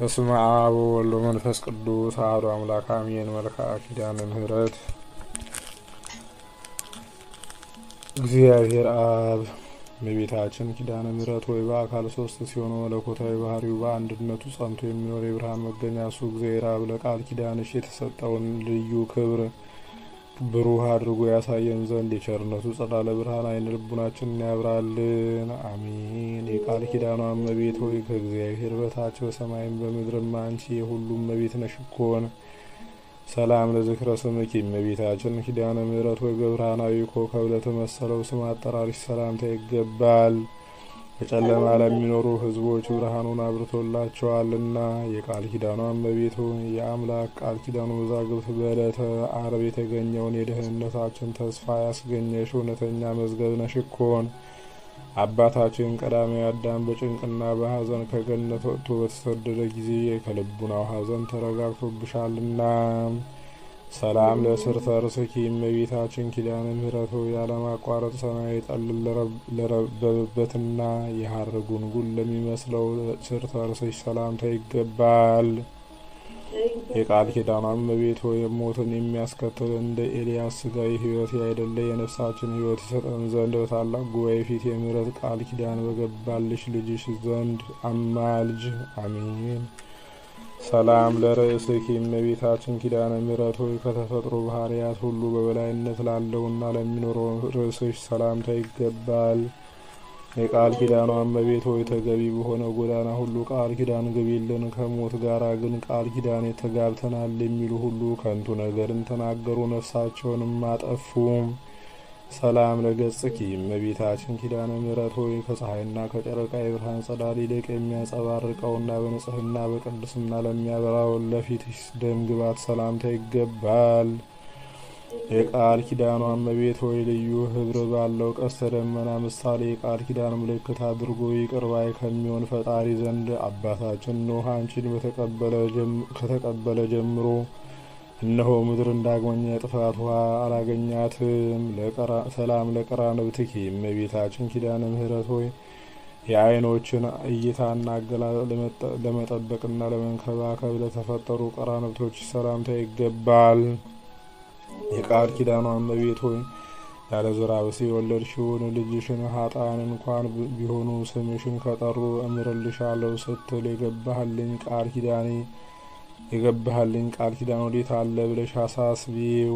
በስመ አብ ወወልድ ወመንፈስ ቅዱስ አሐዱ አምላክ አሜን። መልክዓ ኪዳነ ምሕረት እግዚአብሔር አብ እመቤታችን ኪዳነ ምሕረት ወይ በአካል ሶስት ሲሆን መለኮታዊ ባህሪው በአንድነቱ ጸንቶ የሚኖር የብርሃን መገኛ እሱ እግዚአብሔር አብ ለቃል ኪዳንሽ የተሰጠውን ልዩ ክብር ብሩህ አድርጎ ያሳየን ዘንድ የቸርነቱ ጸዳለ ብርሃን አይነ ልቡናችንን ያብራልን፣ አሜን። የቃል ኪዳኑ እመቤት ሆይ ከእግዚአብሔር በታች በሰማይም በምድርም አንቺ የሁሉም እመቤት ነሽኮን። ሰላም ለዝክረ ስምኪ እመቤታችን ኪዳነ ምሕረት ወይ በብርሃናዊ ኮከብ ለተመሰለው ስም አጠራሪሽ ሰላምታ ይገባል። በጨለማ ለሚኖሩ ህዝቦች ብርሃኑን አብርቶላቸዋልና የቃል ኪዳኑ እመቤት የአምላክ ቃል ኪዳኑ መዛግብት በዕለተ አርብ የተገኘውን የደህንነታችን ተስፋ ያስገኘሽ እውነተኛ መዝገብ ነሽኮን። አባታችን ቀዳማዊ አዳም በጭንቅና በሐዘን ከገነት ወጥቶ በተሰደደ ጊዜ ከልቡናው ሐዘን ተረጋግቶብሻልና ሰላም ለስርተ ርስኪ እመቤታችን ኪዳነ ምሕረት ያለማቋረጥ ሰማይ ጠል ለረበበበትና የሀር ጉንጉን ለሚመስለው ስርተ ርእስሽ ሰላምታ ይገባል። የቃል ኪዳኗን እመቤት ሆይ ሞትን የሚያስከትል እንደ ኤልያስ ስጋዊ ሕይወት ያይደለ የነፍሳችን ሕይወት ይሰጠን ዘንድ በታላቅ ጉባኤ ፊት የምሕረት ቃል ኪዳን በገባልሽ ልጅሽ ዘንድ አማልጅ። አሜን። ሰላም ለርእስኪ እመቤታችን ኪዳነ ምሕረት ሆይ ከተፈጥሮ ባህርያት ሁሉ በበላይነት ላለውና ለሚኖረው ርእስሽ ሰላምታ ይገባል። የቃል ኪዳኗ እመቤት ሆይ ተገቢ በሆነ ጎዳና ሁሉ ቃል ኪዳን ግቢልን። ከሞት ጋራ ግን ቃል ኪዳን ተጋብተናል የሚሉ ሁሉ ከንቱ ነገርን ተናገሩ፣ ነፍሳቸውንም አጠፉ። ሰላም ለገጽኪ እመቤታችን ኪዳነ ምሕረት ሆይ ከፀሐይና ከጨረቃ የብርሃን ጸዳል ይልቅ የሚያንጸባርቀውና በንጽህና በቅድስና ለሚያበራው ለፊትሽ ደም ግባት ሰላምታ ይገባል። የቃል ኪዳኗ እመቤት ሆይ ልዩ ህብር ባለው ቀስተ ደመና ምሳሌ የቃል ኪዳን ምልክት አድርጎ ይቅርባይ ከሚሆን ፈጣሪ ዘንድ አባታችን ኖህ አንቺን ከተቀበለ ጀምሮ እነሆ ምድር ዳግመኛ ጥፋት ውሃ አላገኛትም። ሰላም ለቀራንብትኪ እመቤታችን ኪዳነ ምሕረት ሆይ የዓይኖችን እይታና አገላለጽ ለመጠበቅና ለመንከባከብ ለተፈጠሩ ቀራንብቶች ሰላምታ ይገባል። የቃል ኪዳኗ እመቤት ሆይ ያለ ዘራብሴ የወለድሽውን ልጅሽን ሀጣን እንኳን ቢሆኑ ስምሽን ከጠሩ እምርልሻለሁ ስትል የገባህልኝ ቃል ኪዳኔ የገባህልኝ ቃል ኪዳን ወዴት አለ ብለሽ አሳስቢው።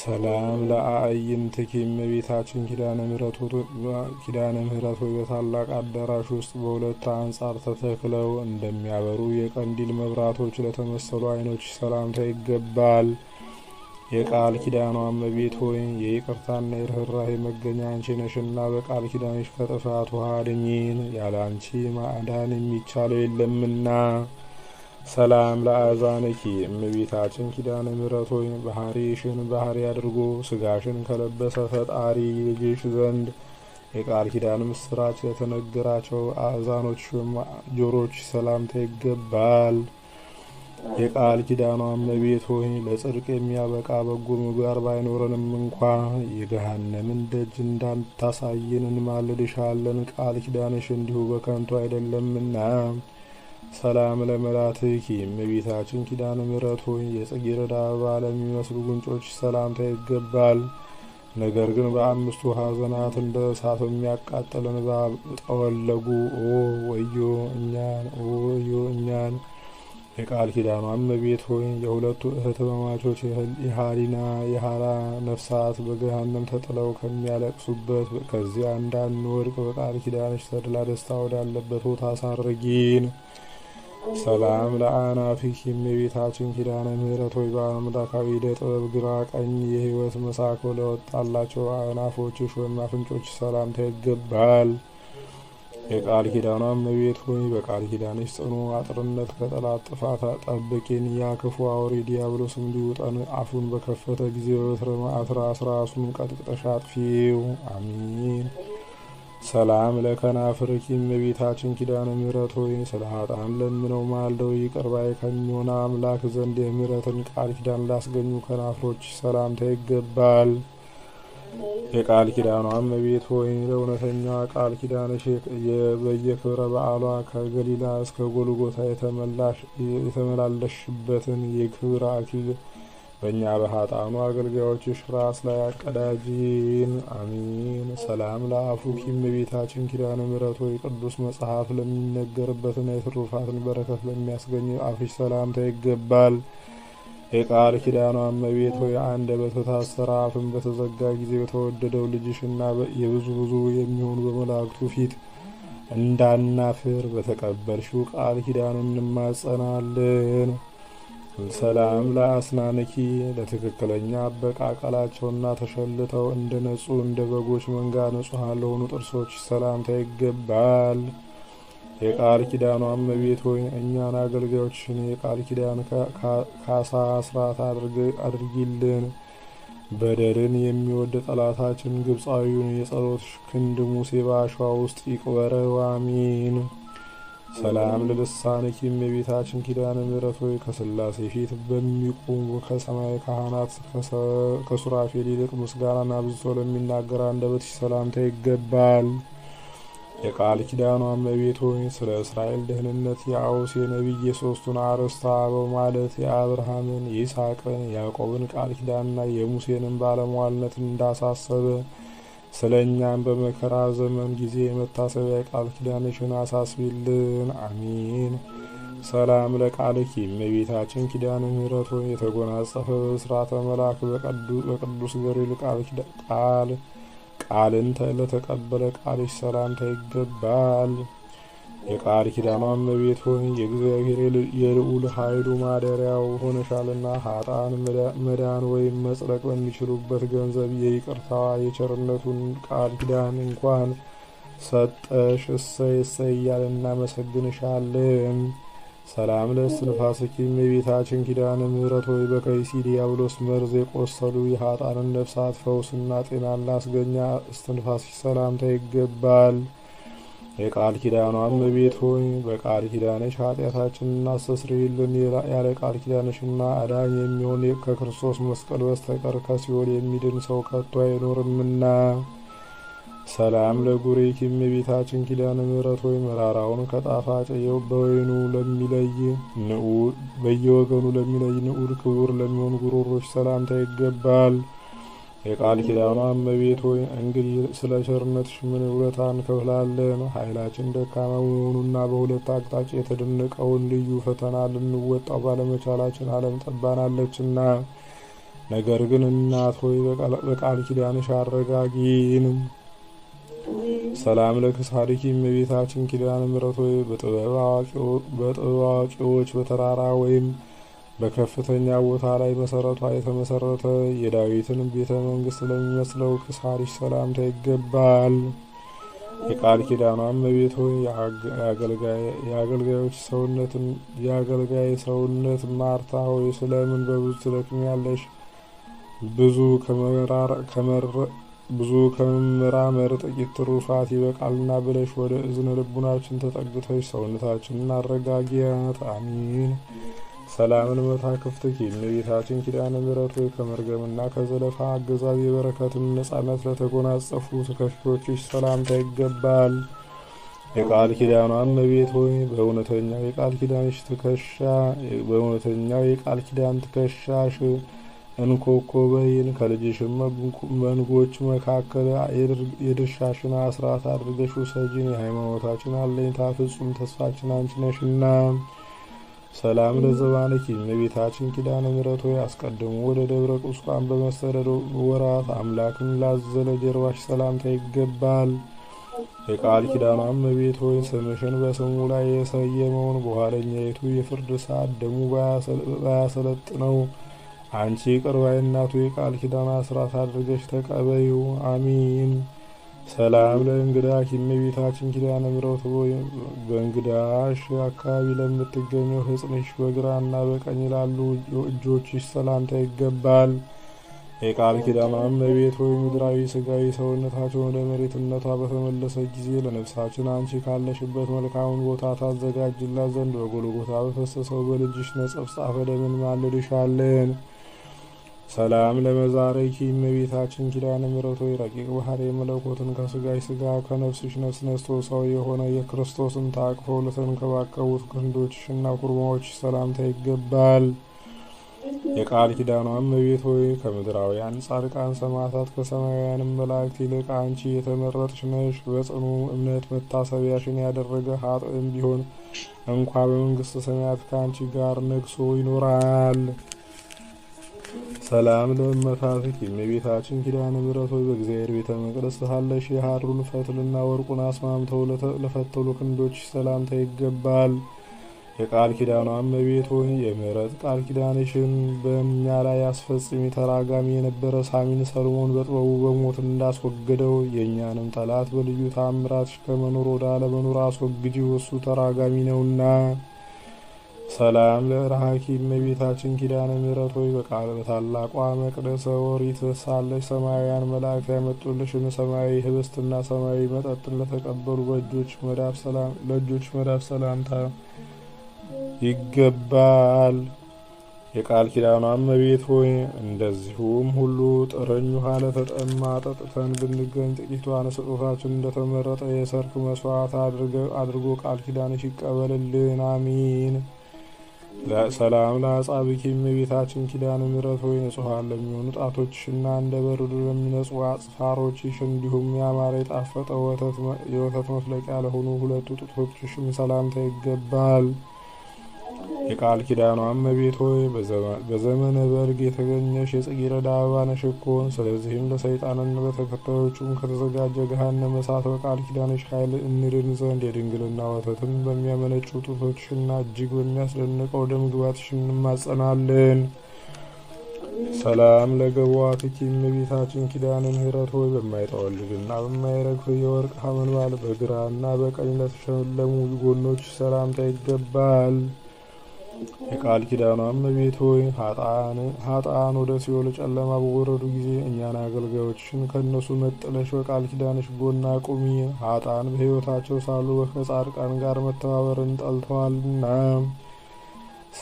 ሰላም ለአዕይንትኪ እመቤታችን ኪዳነ ምሕረት ሆይ በታላቅ አዳራሽ ውስጥ በሁለት አንጻር ተተክለው እንደሚያበሩ የቀንዲል መብራቶች ለተመሰሉ ዓይኖች ሰላምታ ይገባል። የቃል ኪዳኗ እመቤት ሆይ የይቅርታና የርኅራኄ መገኛ አንቺ ነሽና በቃል ኪዳንሽ ከጥፋት ውሃ አድኝን፣ ያለ አንቺ ማዳን የሚቻለው የለምና ሰላም ለአዛንኪ እመቤታችን ኪዳነ ምሕረት ሆይ ባህሪሽን ባህሪ አድርጎ ስጋሽን ከለበሰ ፈጣሪ ልጅሽ ዘንድ የቃል ኪዳን ምስራች ለተነገራቸው አዛኖች ጆሮች ሰላምታ ይገባል። የቃል ኪዳኗ እመቤት ሆይ ለጽድቅ የሚያበቃ በጎ ምግባር ባይኖረንም እንኳ የገሃነምን ደጅ እንዳታሳየን እንማልድሻለን። ቃል ኪዳንሽ እንዲሁ በከንቱ አይደለምና ሰላም ለመላትኪ እመቤታችን ኪዳነ ምሕረት ሆይ የጽጌ አበባ ለሚመስሉ ጉንጮች ሰላምታ ይገባል። ነገር ግን በአምስቱ ሐዘናት እንደ እሳት የሚያቃጥል እንባ ጠወለጉ። ኦ ወዮ እኛን! ኦ ወዮ እኛን! የቃል ኪዳኗ እመቤት ሆይ የሁለቱ እህት ማማቾች የሃሊና የሃራ ነፍሳት በገሃነም ተጥለው ከሚያለቅሱበት ከዚያ እንዳንወድቅ በቃል ኪዳንሽ ተድላ ደስታ ወዳለበት ቦታ አሳርጊን። ሰላም ለአናፊኪም የቤታችን ኪዳነ ምሕረት ሆይ በአምላካዊ ደ ጥበብ ግራ ቀኝ የሕይወት መሳኮ ለወጣላቸው አናፎችሽ ወይም አፍንጮች ሰላምታ ይገባል። የቃል ኪዳኗ እመቤት ሆይ በቃል ኪዳንሽ ጽኑ አጥርነት ከጠላት ጥፋት ጠብቂን። ያ ክፉ አውሬ ዲያብሎስ እንዲውጠን አፉን በከፈተ ጊዜ በበትረ ማዕትራስ ራሱን ቀጥቅጠሽ አጥፊው። አሚን ሰላም ለከናፍርኪ እመቤታችን ኪዳነ ምሕረት ሆይ ስለ ኃጥአን ለምነው ማልደው ይቅር ባይ ከሚሆን አምላክ ዘንድ የምሕረትን ቃል ኪዳን ላስገኙ ከናፍሮች ሰላምታ ይገባል። የቃል ኪዳኗ እመቤት ሆይ ለእውነተኛ ቃል ኪዳንሽ በየክብረ በዓሏ ከገሊላ እስከ ጎልጎታ የተመላለሽበትን የክብር አክሊል በእኛ በኃጣኑ አገልጋዮችሽ ራስ ላይ አቀዳጅን። አሚን። ሰላም ለአፉኪ እመቤታችን ኪዳነ ምሕረት ሆይ ቅዱስ መጽሐፍ ለሚነገርበትና የትሩፋትን በረከት ለሚያስገኝ አፍሽ ሰላምታ ይገባል። የቃል ኪዳኗ እመቤት ሆይ አንድ በተታሰረ አፍን በተዘጋ ጊዜ በተወደደው ልጅሽና የብዙ ብዙ የሚሆኑ በመላእክቱ ፊት እንዳናፍር በተቀበልሽው ቃል ኪዳን እንማጸናለን። ሰላም ለአስናንኪ ለትክክለኛ አበቃቀላቸውና ተሸልተው እንደ ነጹ እንደ በጎች መንጋ ንጹሐን ለሆኑ ጥርሶች ሰላምታ ይገባል። የቃል ኪዳኑ ቤት ሆይ እኛን አገልጋዮችን የቃል ኪዳን ካሳ አስራት አድርጊልን። በደልን የሚወድ ጠላታችን ግብፃዊውን የጸሎት ክንድ ሙሴ በአሸዋ ውስጥ ይቅበረው። አሚን። ሰላም ለልሳንኪ እመቤታችን ኪዳነ ምሕረት ሆይ ፊት በሚቆሙ ከሰማይ ካህናት ከሱራፌል ይልቅ ምስጋናን አብዝቶ ለሚናገር አንደበትሽ ሰላምታ ይገባል። የቃል ኪዳኑ እመቤት ሆይ ስለ እስራኤል ደህንነት የአውሴ ነቢይ የሶስቱን አርዕስተ አበው ማለት የአብርሃምን፣ የይስሐቅን፣ ያዕቆብን ቃል ኪዳንና የሙሴንም ባለሟልነት እንዳሳሰበ ስለ እኛም በመከራ ዘመን ጊዜ መታሰቢያ ቃል ኪዳንሽን አሳስቢልን። አሚን። ሰላም ለቃልኪ እመቤታችን ኪዳነ ምሕረት የተጎናጸፈ በስርዓተ መልአክ በቅዱስ ገብርኤል ቃል ቃልን ለተቀበለ ቃልሽ ሰላምታ ይገባል። የቃል ኪዳኗም መቤት ሆይ የእግዚአብሔር የልዑል ኃይሉ ማደሪያው ሆነሻልና ሀጣን መዳን ወይም መጽረቅ በሚችሉበት ገንዘብ የይቅርታዋ የቸርነቱን ቃል ኪዳን እንኳን ሰጠሽ። እሰይ እሰይ እያል እናመሰግንሻለን። ሰላም ለእስትንፋስኪም የቤታችን ኪዳነ ምሕረት ሆይ በከይሲ ዲያብሎስ መርዝ የቆሰሉ የሀጣንን ነፍሳት ፈውስና ጤናን ላስገኛ እስትንፋስኪ ሰላምታ ይገባል። የቃል ኪዳኗን እመቤት ሆይ በቃል ኪዳንሽ ኃጢአታችንን እናስተስርይልን ያለ ቃል ኪዳንሽና አዳኝ የሚሆን ከክርስቶስ መስቀል በስተቀር ከሲኦል የሚድን ሰው ከቶ አይኖርምና። ሰላም ለጉሬኪ እመቤታችን ኪዳነ ምሕረት ሆይ መራራውን ከጣፋጭ በወይኑ ለሚለይ በየወገኑ ለሚለይ ንዑድ ክቡር ለሚሆን ጉሮሮች ሰላምታ ይገባል። የቃል ኪዳኗ እመቤት ሆይ እንግዲህ ስለ ቸርነትሽ ምን ውለታ እንከፍላለን? ኃይላችን ደካማ መሆኑና በሁለት አቅጣጫ የተደነቀውን ልዩ ፈተና ልንወጣው ባለመቻላችን ዓለም ጠባናለችና፣ ነገር ግን እናት ሆይ በቃል ኪዳንሽ አረጋጊን። ሰላም ለክሳድኪ እመቤታችን ኪዳነ ምሕረት ሆይ በጥበብ አዋቂዎች በተራራ ወይም በከፍተኛ ቦታ ላይ መሰረቷ የተመሰረተ የዳዊትን ቤተ መንግስት ለሚመስለው ክሳሪሽ ሰላምታ ይገባል። የቃል ኪዳኗ መቤት ሆይ የአገልጋዮች ሰውነትን የአገልጋይ ሰውነት ማርታ ሆይ ስለምን በብዙ ትደክሚያለሽ? ብዙ ብዙ ከመመራመር ጥቂት ትሩፋት ይበቃልና ብለሽ ወደ እዝነ ልቡናችን ተጠግተሽ ሰውነታችን እናረጋጊያት። አሚን ሰላምን መታክፍትኪ እመቤታችን ኪዳነ ምሕረት ሆይ ከመርገምና ከዘለፋ አገዛዝ የበረከትን ነጻነት ለተጎናጸፉ ከፊቶችሽ ሰላምታ ይገባል። የቃል ኪዳኗ እመቤት ሆይ በእውነተኛው የቃል ኪዳንሽ ትከሻ በእውነተኛው የቃል ኪዳን ትከሻሽ እንኮኮ በይን መንጎች መካከል የድርሻሽን አስራት አድርገሽ ውሰጂን። የሃይማኖታችን አለኝታ ፍጹም ተስፋችን አንቺ ነሽና ሰላም ለዘባንኪ እመቤታችን ኪዳነ ምሕረት ሆይ አስቀድሞ ወደ ደብረ ቁስቋም በመሰደዶ ወራት አምላክን ላዘለ ጀርባሽ ሰላምታ ይገባል። የቃል ኪዳኗ እመቤት ሆይ ስምሽን በስሙ ላይ የሰየመውን በኋለኛይቱ የፍርድ ሰዓት ደሙ ባያሰለጥ ነው። አንቺ ቅርባይ እናቱ የቃል ኪዳኗ አስራት አድርገሽ ተቀበዩ። አሚን። ሰላም ለእንግዳሽ የእመቤታችን ኪዳነ ምሕረት ሆይ በእንግዳሽ አካባቢ ለምትገኘው ህጽንሽ፣ በግራና በቀኝ ላሉ እጆችሽ ሰላምታ ይገባል። የቃል ኪዳን እመቤት ሆይ ምድራዊ ስጋዊ ሰውነታቸውን ወደ መሬትነቷ በተመለሰ ጊዜ ለነፍሳችን አንቺ ካለሽበት መልካሙን ቦታ ታዘጋጅላት ዘንድ በጎልጎታ በፈሰሰው በልጅሽ ነጸብጻፈ ደምን ማልድሻለን። ሰላም ለመዛረኪ እመቤታችን ኪዳነ ምሕረት ሆይ ረቂቅ ባህሪ መለኮትን ከስጋሽ ስጋ ከነፍስሽ ነፍስ ነስቶ ሰው የሆነ የክርስቶስን ታቅፎ ለተንከባከቡት ክንዶችሽና ኩርማዎች ሰላምታ ይገባል። የቃል ኪዳኗ እመቤት ሆይ ከምድራውያን ጻድቃን ሰማዕታት ከሰማያውያን መላእክት ይልቅ አንቺ የተመረጥሽ ነሽ። በጽኑ እምነት መታሰቢያሽን ያደረገ ኃጥእም ቢሆን እንኳ በመንግስት ሰማያት ከአንቺ ጋር ነግሶ ይኖራል። ሰላም ለመመታትኪ እመቤታችን ኪዳነ ምሕረት ሆይ በእግዚአብሔር ቤተ መቅደስ ሳለሽ የሐሩን ፈትልና ወርቁን አስማምተው ለፈተሉ ክንዶች ሰላምታ ይገባል። የቃል ኪዳኗ እመቤት ሆይ የምሕረት ቃል ኪዳንሽን በእኛ ላይ አስፈጽሚ። ተራጋሚ የነበረ ሳሚን ሰሎሞን በጥበቡ በሞት እንዳስወገደው የእኛንም ጠላት በልዩ ታምራትሽ ከመኖር ወደ አለመኖር አስወግጂ፣ እሱ ተራጋሚ ነውና። ሰላም ለረሃኪ እመቤታችን ኪዳነ ምሕረት ሆይ በቃል በታላቋ መቅደሰ ኦሪት ሳለች ሰማያውያን መላእክት ያመጡልሽን ሰማያዊ ህብስትና ሰማያዊ መጠጥን ለተቀበሉ ለእጆች መዳፍ ሰላምታ ይገባል። የቃል ኪዳኗ እመቤት ሆይ እንደዚሁም ሁሉ ጥረኝ ውሃ ለተጠማ ጠጥተን ብንገኝ ጥቂቷን ስጦታችን እንደተመረጠ የሰርክ መስዋዕት አድርጎ ቃል ኪዳንሽ ይቀበልልን። አሚን። ሰላም ለአጻብኪ እመቤታችን ኪዳነ ምሕረት ሆይ ንጹሐን ለሚሆኑ ጣቶችሽና እንደ በረዶ ለሚነጹ አጽፋሮችሽ እንዲሁም ያማረ የጣፈጠ የወተት መፍለቂያ ለሆኑ ሁለቱ ጡቶችሽም ሰላምታ ይገባል። የቃል ኪዳኗ እመቤት ሆይ በዘመነ በርግ የተገኘሽ የጽጌረዳ አበባ ነሽ ስለዚህም ለሰይጣንና በተከታዮቹም ከተዘጋጀ ገሃነመ እሳት በቃል ኪዳንሽ ኃይል እንድን ዘንድ የድንግልና ወተትም በሚያመነጩ ጡቶችና እጅግ በሚያስደንቀው ደምግባትሽ እንማጸናለን። ሰላም ለገቧትኪ እመቤታችን ኪዳነ ምሕረት ሆይ በማይጠወልግና በማይረግፍ የወርቅ ሐመልማል በግራና በቀኝ ለተሸለሙ ጎኖች ሰላምታ ይገባል። የቃል ኪዳኗ እመቤት ሆይ ሀጣን ወደ ሲኦል ጨለማ በወረዱ ጊዜ እኛን አገልጋዮችን ከእነሱ መጥለሽ በቃል ኪዳንሽ ጎና ቁሚ። ሀጣን በሕይወታቸው ሳሉ ከጻድቃን ጋር መተባበርን ጠልተዋልና።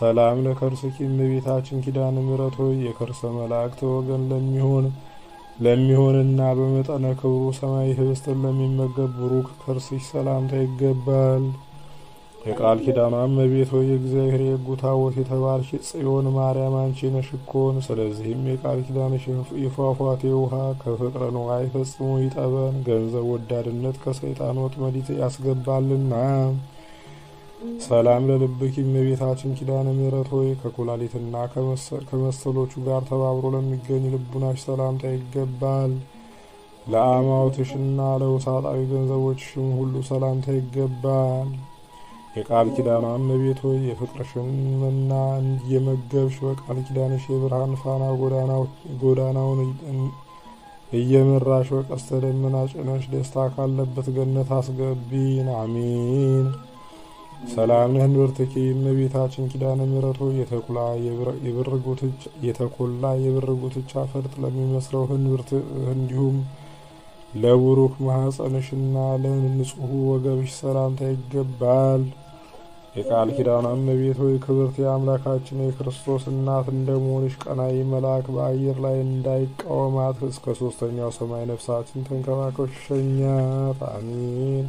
ሰላም ለከርስኪ እመቤታችን ኪዳነ ምሕረት ሆይ የከርሰ መላእክት ወገን ለሚሆን ለሚሆንና በመጠነ ክብሩ ሰማይ ህብስትን ለሚመገብ ብሩክ ከርስሽ ሰላምታ ይገባል። የቃል ኪዳኗ እመቤት ሆይ እግዚአብሔር የሕጉ ታቦት የተባልሽ ጽዮን ማርያም አንቺ ነሽኮን። ስለዚህም የቃል ኪዳንሽ የፏፏቴ ውሃ ከፍቅረ ንዋይ ፈጽሞ ይጠበን፣ ገንዘብ ወዳድነት ከሰይጣን ወጥመድ ያስገባልና። ሰላም ለልብኪ እመቤታችን ኪዳነ ምሕረት ሆይ ከኩላሊትና ከመሰሎቹ ጋር ተባብሮ ለሚገኝ ልቡናሽ ሰላምታ ይገባል። ለአማውትሽና ለውሳጣዊ ገንዘቦችሽም ሁሉ ሰላምታ ይገባል። የቃል ኪዳን እመቤት ሆይ የፍቅርሽን መና እየመገብሽ በቃል ኪዳንሽ የብርሃን ፋና ጎዳናውን እየመራሽ በቀስተ ደመና ጭነሽ ደስታ ካለበት ገነት አስገቢን። አሚን። ሰላም ነህን በርትኪ እመቤታችን ኪዳነ ምሕረት ሆይ የተኮላ የብር ጉትቻ ፈርጥ ለሚመስለው ህንብርት እንዲሁም ለቡሩክ ማኅፀንሽና ለንጹሕ ወገብሽ ሰላምታ ይገባል። የቃል ኪዳን እመቤት ሆይ ክብርት የአምላካችን የክርስቶስ እናት እንደመሆንሽ ቀናይ መልአክ በአየር ላይ እንዳይቃወማት እስከ ሶስተኛው ሰማይ ነፍሳችን ተንከባከብሽ ሸኛት። አሚን።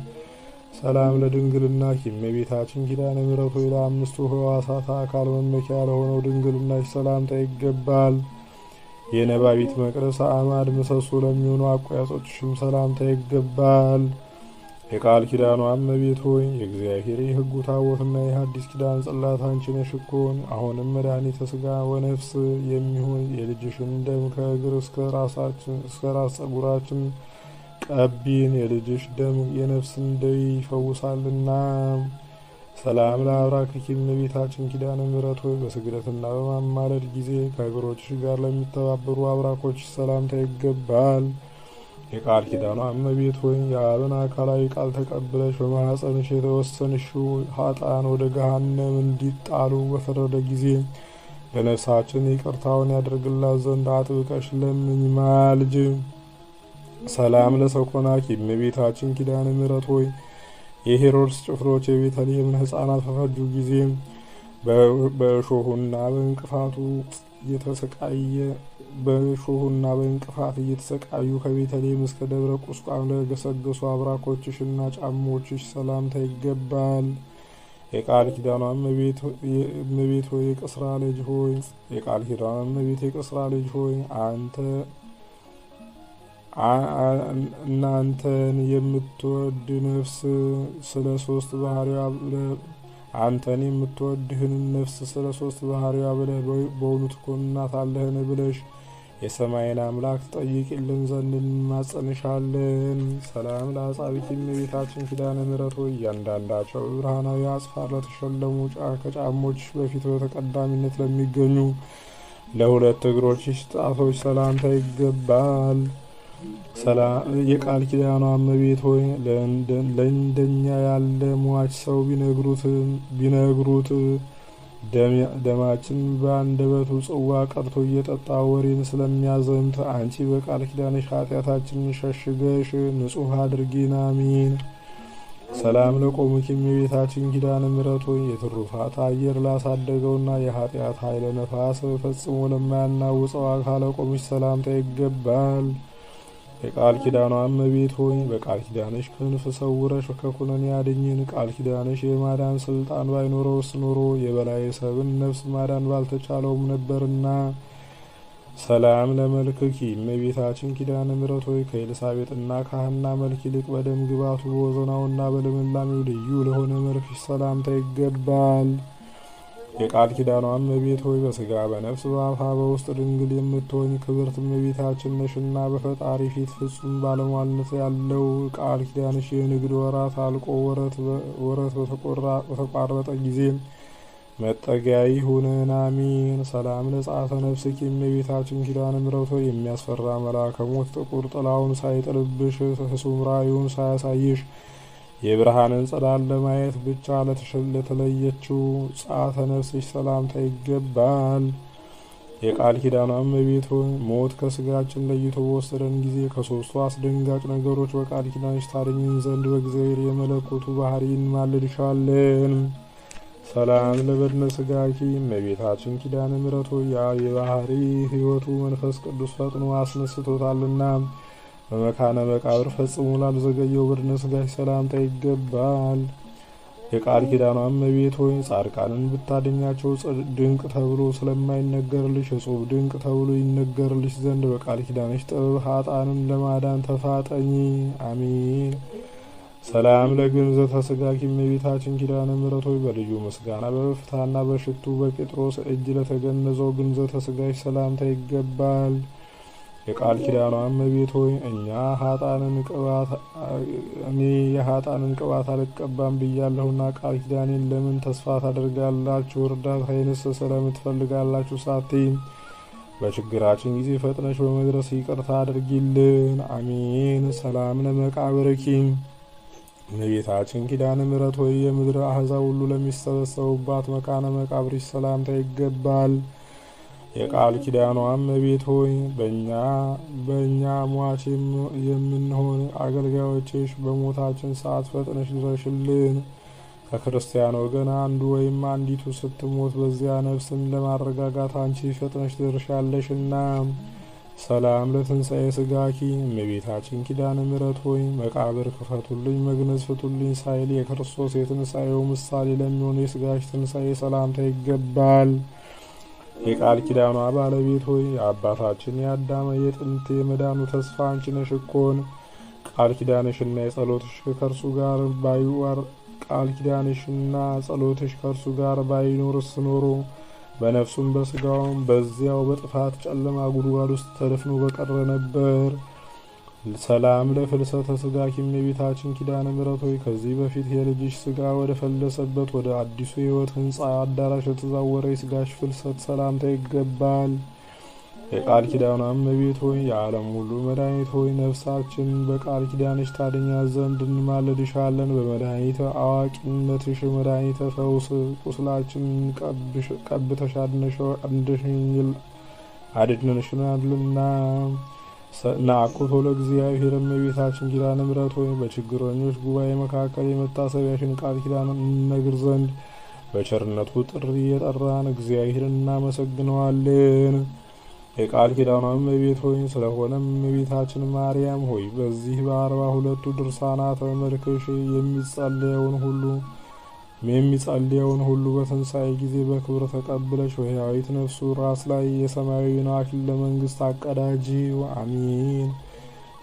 ሰላም ለድንግልና እመቤታችን ኪዳነ ምሕረት ሆይ ለአምስቱ ሕዋሳት አካል መመኪያ ለሆነው ድንግልናሽ ሰላምታ ይገባል። የነባቢት መቅደስ አዕማድ ምሰሶ ለሚሆኑ አቋያጾችሽም ሰላምታ ይገባል። የቃል አመ እመቤት ሆይ የእግዚአብሔር የሕጉ ታቦትና የሐዲስ ኪዳን ጽላት አንቺ ነሽኮን። አሁንም መድኃኒተ ሥጋ ወነፍስ የሚሆን የልጅሽን ደም ከእግር እስከ ራስ ጸጉራችን ቀቢን። የልጅሽ ደም የነፍስን ደዌ ይፈውሳልና ሰላም ለአብራክ እመቤታችን ኪዳነ ምሕረት ሆይ በስግደትና በማማለድ ጊዜ ከእግሮችሽ ጋር ለሚተባበሩ አብራኮች ሰላምታ ይገባል። የቃል ኪዳኗ እመቤት ሆይ የአብን አካላዊ ቃል ተቀብለሽ በማኅፀንሽ የተወሰንሽው ሀጣን ወደ ገሃነም እንዲጣሉ በፈረደ ጊዜ ለነፍሳችን ይቅርታውን ያደርግላት ዘንድ አጥብቀሽ ለምኝ ማልጅ። ሰላም ለሰኮናኪ እመቤታችን ኪዳነ ምሕረት ሆይ የሄሮድስ ጭፍሮች የቤተልሔምን ሕፃናት በፈጁ ጊዜም በእሾሁና በእንቅፋቱ እየተሰቃየ በእሾሁና በእንቅፋት እየተሰቃዩ ከቤተልሔም እስከ ደብረ ቁስቋም ለገሰገሱ አብራኮችሽና ጫሞችሽ ሰላምታ ይገባል። የቃል ኪዳኗ እመቤት ሆይ የቅስራ ልጅ ሆይ የቃል ኪዳኗ እመቤት የቅስራ ልጅ ሆይ አንተ እናንተን የምትወድ ነፍስ ስለ ሶስት ባህሪዋ አንተን የምትወድህን ነፍስ ስለ ሶስት ባህሪዋ ብለህ በእውኑ ትኮንናታለህን ብለሽ የሰማይን አምላክ ጠይቅልን ዘንድ እንማጸንሻለን። ሰላም ለአጻቢት የቤታችን ኪዳነ ምሕረት እያንዳንዳቸው ብርሃናዊ አጽፋር ለተሸለሙ ከጫሞች በፊት በተቀዳሚነት ለሚገኙ ለሁለት እግሮች ጣቶች ሰላምታ ይገባል። የቃል ኪዳኗ እመቤት ሆይ ለእንደኛ ያለ ሟች ሰው ቢነግሩት ደማችን በአንደበቱ ጽዋ ቀርቶ እየጠጣ ወሬን ስለሚያዘምት አንቺ በቃል ኪዳንሽ ኃጢአታችን ሸሽገሽ ንጹሕ አድርጊን። አሚን። ሰላም ለቆሙኪም የቤታችን ኪዳነ ምሕረት ሆይ የትሩፋት አየር ላሳደገውና የኃጢአት ኃይለ ነፋስ ፈጽሞ ለማያናውፀው አካለ ሰላምታ ይገባል። የቃል ኪዳኑ እመቤት ሆይ በቃል ኪዳንሽ ክንፍ ሰውረሽ ከኩነኔ ያድኝን። ቃል ኪዳንሽ የማዳን ስልጣን ባይኖረውስ ኖሮ የበላይ ሰብን ነፍስ ማዳን ባልተቻለውም ነበርና። ሰላም ለመልክኪ እመቤታችን ኪዳነ ምሕረት ሆይ ከኤልሳቤጥና ካህና መልክ ይልቅ በደም ግባቱ በወዘናውና በልምላሜው ልዩ ለሆነ መልክሽ ሰላምታ ይገባል። የቃል ኪዳኗን እመቤት ሆይ በስጋ በነፍስ በአፋ በውስጥ ድንግል የምትሆኝ ክብርት እመቤታችን ነሽና በፈጣሪ ፊት ፍጹም ባለሟልነት ያለው ቃል ኪዳንሽ የንግድ ወራት አልቆ ወረት በተቋረጠ ጊዜ መጠጊያ ይሁነን። አሚን ሰላም ለጻፈ ነፍስኪ እመቤታችን ኪዳነ ምሕረቶ የሚያስፈራ መልአከ ሞት ጥቁር ጥላውን ሳይጥልብሽ፣ ሱምራዩን ሳያሳይሽ የብርሃንን ጸዳል ለማየት ብቻ ለተለየችው ጻተ ነፍስሽ ሰላምታ ይገባል። የቃል ኪዳኗ እመቤት ሆይ ሞት ከስጋችን ለይቶ በወሰደን ጊዜ ከሶስቱ አስደንጋጭ ነገሮች በቃል ኪዳንሽ ታድኝን ዘንድ በእግዚአብሔር የመለኮቱ ባህሪ እንማልድሻለን። ሰላም ለበድነ ስጋኪ እመቤታችን ኪዳነ ምሕረት ሆይ የባህሪ ሕይወቱ መንፈስ ቅዱስ ፈጥኖ አስነስቶታልና በመካነ መቃብር ፈጽሞ ላልዘገየው ብርነ ስጋሽ ሰላምታ ይገባል። የቃል ኪዳኑ እመቤት ሆይ ጻድቃንን ብታደኛቸው ድንቅ ተብሎ ስለማይነገርልሽ እጹብ ድንቅ ተብሎ ይነገርልሽ ዘንድ በቃል ኪዳንሽ ጥበብ ሀጣንን ለማዳን ተፋጠኝ። አሜን። ሰላም ለግንዘ ተስጋኪ እመቤታችን ኪዳነ ምሕረት ሆይ በልዩ ምስጋና በበፍታና በሽቱ በጴጥሮስ እጅ ለተገነዘው ግንዘ ተስጋሽ ሰላምታ ይገባል። የቃል ኪዳኗም ቤት ሆይ እኛ ሀጣንን ቅባት እኔ የሀጣንን ቅባት አልቀባም ብያለሁና ቃል ኪዳኔን ለምን ተስፋ ታደርጋላችሁ? እርዳታ ስለምን ትፈልጋላችሁ? ሳቴ በችግራችን ጊዜ ፈጥነሽ በመድረስ ይቅርታ አድርጊልን። አሜን። ሰላም ለመቃብርኪ እመቤታችን ኪዳነ ምሕረት ሆይ የምድር አህዛብ ሁሉ ለሚሰበሰቡባት መካነ መቃብርሽ ሰላምታ ይገባል። የቃል ኪዳኗም እመቤት ሆይ በእኛ በእኛ ሟች የምንሆን አገልጋዮችሽ በሞታችን ሰዓት ፈጥነሽ ድረሽልን። ከክርስቲያን ወገን አንዱ ወይም አንዲቱ ስትሞት በዚያ ነፍስን ለማረጋጋት አንቺ ፈጥነሽ ድርሻለሽና፣ ሰላም ለትንሣኤ ስጋኪ እመቤታችን ኪዳነ ምሕረት ሆይ መቃብር ክፈቱልኝ፣ መግነዝ ፍቱልኝ ሳይል የክርስቶስ የትንሣኤው ምሳሌ ለሚሆን የስጋሽ ትንሣኤ ሰላምታ ይገባል። የቃል ኪዳኗ ባለቤት ሆይ አባታችን የአዳመ የጥንት የመዳኑ ተስፋ አንቺ እኮን ቃል ኪዳንሽና የጸሎትሽ ከእርሱ ጋር ባይዋር ቃል ኪዳንሽና ጸሎትሽ ከእርሱ ጋር ባይኖርስ ኖሮ በነፍሱም በስጋውም በዚያው በጥፋት ጨለማ ጉድጓድ ውስጥ ተደፍኖ በቀረ ነበር። ሰላም ለፍልሰተ ስጋ ኪሜ ቤታችን ኪዳነ ምሕረት ሆይ ከዚህ በፊት የልጅሽ ስጋ ወደ ፈለሰበት ወደ አዲሱ ህይወት ህንፃ አዳራሽ ለተዛወረ የስጋሽ ፍልሰት ሰላምታ ይገባል። የቃል ኪዳኗ እመቤት ሆይ የዓለም ሁሉ መድኃኒት ሆይ ነፍሳችን በቃል ኪዳንሽ ታደኛ ዘንድ እንማልድሻለን። በመድኃኒተ አዋቂነትሽ መድኃኒተ ፈውስ ቁስላችን ቀብተሽ አድነሽ አድነሽናልና ለአቁቶ እግዚአብሔር እመቤታችን ኪዳነ ምሕረት ሆይ በችግረኞች ጉባኤ መካከል የመታሰቢያሽን ቃል ኪዳን እንነግር ዘንድ በቸርነቱ ጥሪ የጠራን እግዚአብሔር እናመሰግነዋለን። የቃል ኪዳኗ እመቤት ሆይ ስለሆነም እመቤታችን ማርያም ሆይ በዚህ በአርባ ሁለቱ ድርሳናት መልክሽ የሚጸለየውን ሁሉ የሚጸልየውን ሁሉ በትንሣኤ ጊዜ በክብር ተቀብለሽ በሕያዊት ነፍሱ ራስ ላይ የሰማያዊውን አክሊል ለመንግሥት አቀዳጅው። አሚን።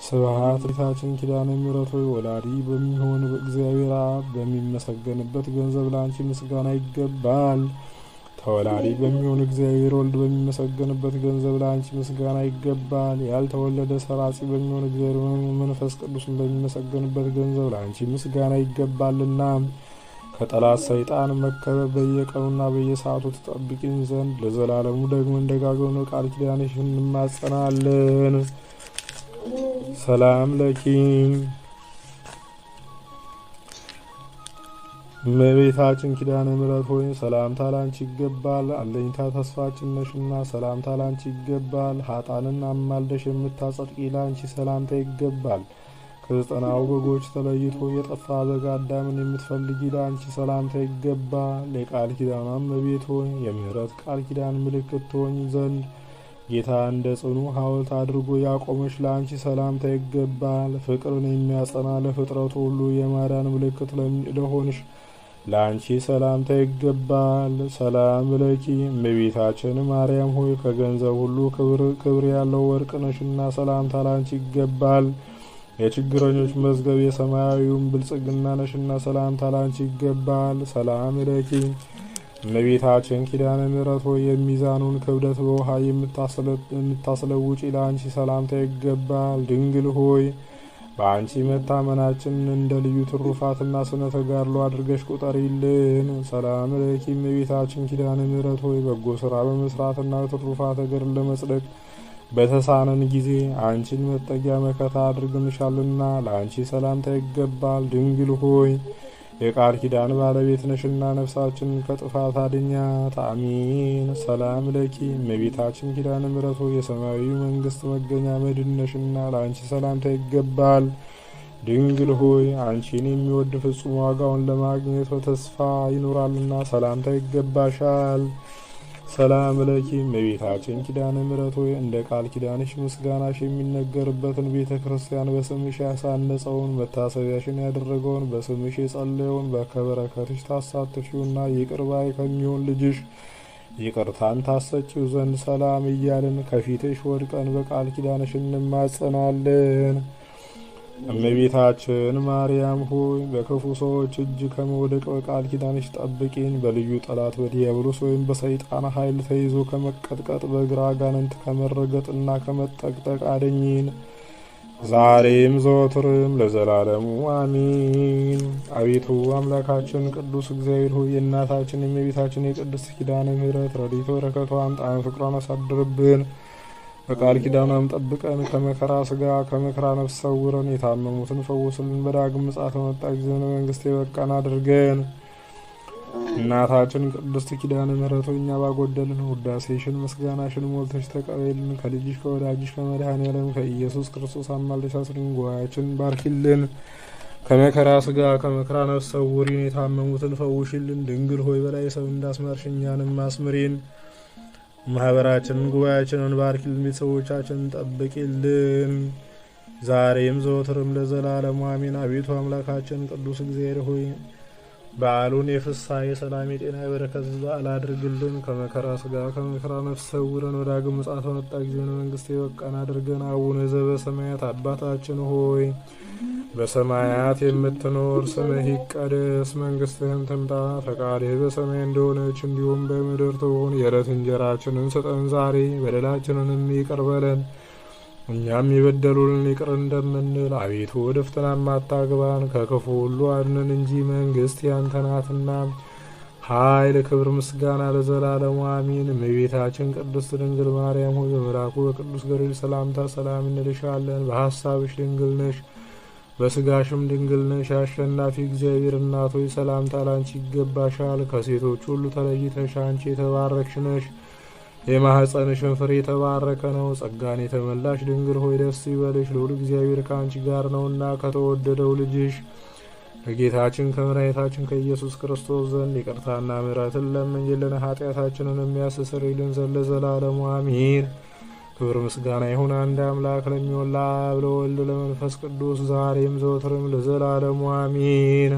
ስብሐት ጌታችን ኪዳነ ምሕረት ሆይ ወላዲ በሚሆን በእግዚአብሔር አብ በሚመሰገንበት ገንዘብ ለአንቺ ምስጋና ይገባል። ተወላዲ በሚሆን እግዚአብሔር ወልድ በሚመሰገንበት ገንዘብ ለአንቺ ምስጋና ይገባል። ያልተወለደ ሰራጺ በሚሆን እግዚአብሔር መንፈስ ቅዱስን በሚመሰገንበት ገንዘብ ለአንቺ ምስጋና ይገባልና ከጠላት ሰይጣን መከበብ በየቀኑና በየሰዓቱ ትጠብቅኝ ዘንድ ለዘላለሙ ደግሞ እንደጋገኑ ቃል ኪዳንሽ እንማጸናለን። ሰላም ለኪ እመቤታችን ኪዳነ ምሕረት ሆይ ሰላምታ ላንቺ ይገባል። አለኝታ ተስፋችን ነሽና ሰላምታ ላንቺ ይገባል። ሀጣንን አማልደሽ የምታጸድቂ ላንቺ ሰላምታ ይገባል። ከዘጠናው በጎች ተለይቶ የጠፋ በግ አዳምን የምትፈልጊ ለአንቺ ሰላምታ ይገባል። የቃል ኪዳኗ እመቤት ሆይ የምህረት ቃል ኪዳን ምልክት ትሆኝ ዘንድ ጌታ እንደ ጽኑ ሐውልት አድርጎ ያቆመች ለአንቺ ሰላምታ ይገባል። ፍቅርን የሚያጸና ለፍጥረቱ ሁሉ የማዳን ምልክት ለሆንሽ ለአንቺ ሰላምታ ይገባል። ሰላም ለኪ እመቤታችን ማርያም ሆይ ከገንዘብ ሁሉ ክብር ያለው ወርቅ ነሽና ሰላምታ ላንቺ ይገባል። የችግረኞች መዝገብ የሰማያዊውን ብልጽግና ነሽና ሰላምታ ላንቺ ይገባል። ሰላም እለኪ እመቤታችን ኪዳነ ምሕረት ሆይ የሚዛኑን ክብደት በውሃ የምታስለውጪ ለአንቺ ሰላምታ ይገባል። ድንግል ሆይ በአንቺ መታመናችን እንደ ልዩ ትሩፋትና ስነ ተጋድሎ አድርገሽ ቁጠሪልን። ሰላም ለኪ እመቤታችን ኪዳነ ምሕረት ሆይ በጎ ስራ በመስራትና ትሩፋት እግር ለመጽደቅ በተሳነን ጊዜ አንቺን መጠጊያ መከታ አድርገንሻልና ለአንቺ ሰላምታ ይገባል። ድንግል ሆይ የቃል ኪዳን ባለቤት ነሽና ነፍሳችንን ከጥፋት አድኛት። አሚን። ሰላም ለኪ እመቤታችን ኪዳነ ምረቶ የሰማያዊ መንግስት መገኛ መድን ነሽና ለአንቺ ሰላምታ ይገባል። ድንግል ሆይ አንቺን የሚወድ ፍጹም ዋጋውን ለማግኘት በተስፋ ይኖራልና ሰላምታ ይገባሻል። ሰላም ለኪ እመቤታችን ኪዳነ ምሕረት ሆይ እንደ ቃል ኪዳንሽ ምስጋናሽ የሚነገርበትን ቤተ ክርስቲያን በስምሽ ያሳነጸውን መታሰቢያሽን ያደረገውን በስምሽ የጸለየውን በከበረከትሽ ታሳትፊውና ይቅር ባይ ከሚሆን ልጅሽ ይቅርታን ታሰጪው ዘንድ ሰላም እያልን ከፊትሽ ወድቀን በቃል ኪዳንሽ እንማጸናለን። እመቤታችን ማርያም ሆይ በክፉ ሰዎች እጅ ከመውደቅ በቃል ኪዳንሽ ጠብቂኝ። በልዩ ጠላት በዲያብሎስ ወይም በሰይጣን ኃይል ተይዞ ከመቀጥቀጥ በግራ ጋንንት ከመረገጥና ከመጠቅጠቅ አደኝን ዛሬም ዘወትርም ለዘላለሙ አሚን። አቤቱ አምላካችን ቅዱስ እግዚአብሔር ሆይ የእናታችን የእመቤታችን የቅድስት ኪዳነ ምሕረት ረድኤት በረከቷ አምጣን ፍቅሯን አሳድርብን በቃል ኪዳኗም ጠብቀን ከመከራ ስጋ ከመከራ ነፍስ ሰውረን የታመሙትን ፈውስልን። በዳግም ምጽአት በመጣ ጊዜ መንግስት የበቃን አድርገን። እናታችን ቅድስት ኪዳነ ምሕረቱ እኛ ባጎደልን ውዳሴሽን ምስጋናሽን ሞልተሽ ተቀበልን። ከልጅሽ ከወዳጅሽ ከመድኃኔዓለም ከኢየሱስ ክርስቶስ አማልደሽ አስሪን ባርኪልን። ከመከራ ስጋ ከመከራ ነፍስ ሰውሪን። የታመሙትን ፈውሽልን። ድንግል ሆይ በላይ ሰው እንዳስመርሽ እኛንም አስምሪን። ማህበራችንን ጉባኤያችንን ባርክልን፣ ቤተሰቦቻችንን ጠብቂልን። ዛሬም ዘወትርም ለዘላለሙ አሚን። አቤቱ አምላካችን ቅዱስ እግዚአብሔር ሆይ በዓሉን የፍስሐ የሰላም የጤና የበረከት በዓል አድርግልን። ከመከራ ስጋ ከመከራ ነፍስ ሰውረን። ወደ ዳግም ምጽአት በመጣ ጊዜ መንግስት የበቃን አድርገን። አቡነ ዘበሰማያት አባታችን ሆይ በሰማያት የምትኖር ስምህ ይቀደስ፣ መንግስትህም ትምጣ፣ ፈቃድህ በሰማይ እንደሆነች እንዲሁም በምድር ትሆን። የዕለት እንጀራችንን ስጠን ዛሬ፣ በደላችንንም ይቅር በለን እኛም የበደሉልን ይቅር እንደምንል አቤቱ ወደ ፈተናም አታግባን፣ ከክፉ ሁሉ አድነን እንጂ መንግስት ያንተ ናትና ኃይል፣ ክብር፣ ምስጋና ለዘላለሙ አሚን። እመቤታችን ቅድስት ድንግል ማርያም ሆይ በመልአኩ በቅዱስ ገብርኤል ሰላምታ ሰላም እንልሻለን። በሀሳብሽ ድንግል ነሽ፣ በስጋሽም ድንግል ነሽ። አሸናፊ እግዚአብሔር እናቶች ሰላምታ ላንቺ ይገባሻል። ከሴቶች ሁሉ ተለይተሽ አንቺ የተባረክሽ ነሽ። የማህፀን ፍሬ የተባረከ ነው። ጸጋን የተመላሽ ድንግል ሆይ ደስ ይበልሽ፣ ልዑል እግዚአብሔር ከአንቺ ጋር ነውና ከተወደደው ልጅሽ ከጌታችን ከመድኃኒታችን ከኢየሱስ ክርስቶስ ዘንድ ይቅርታና ምሕረትን ለምኝልን ኃጢአታችንን የሚያስተሰርይልን ዘለ ዘላለሙ አሚን። ክብር ምስጋና ይሁን አንድ አምላክ ለሚሆን ለአብ ለወልድ ለመንፈስ ቅዱስ ዛሬም ዘወትርም ለዘላለሙ አሚን።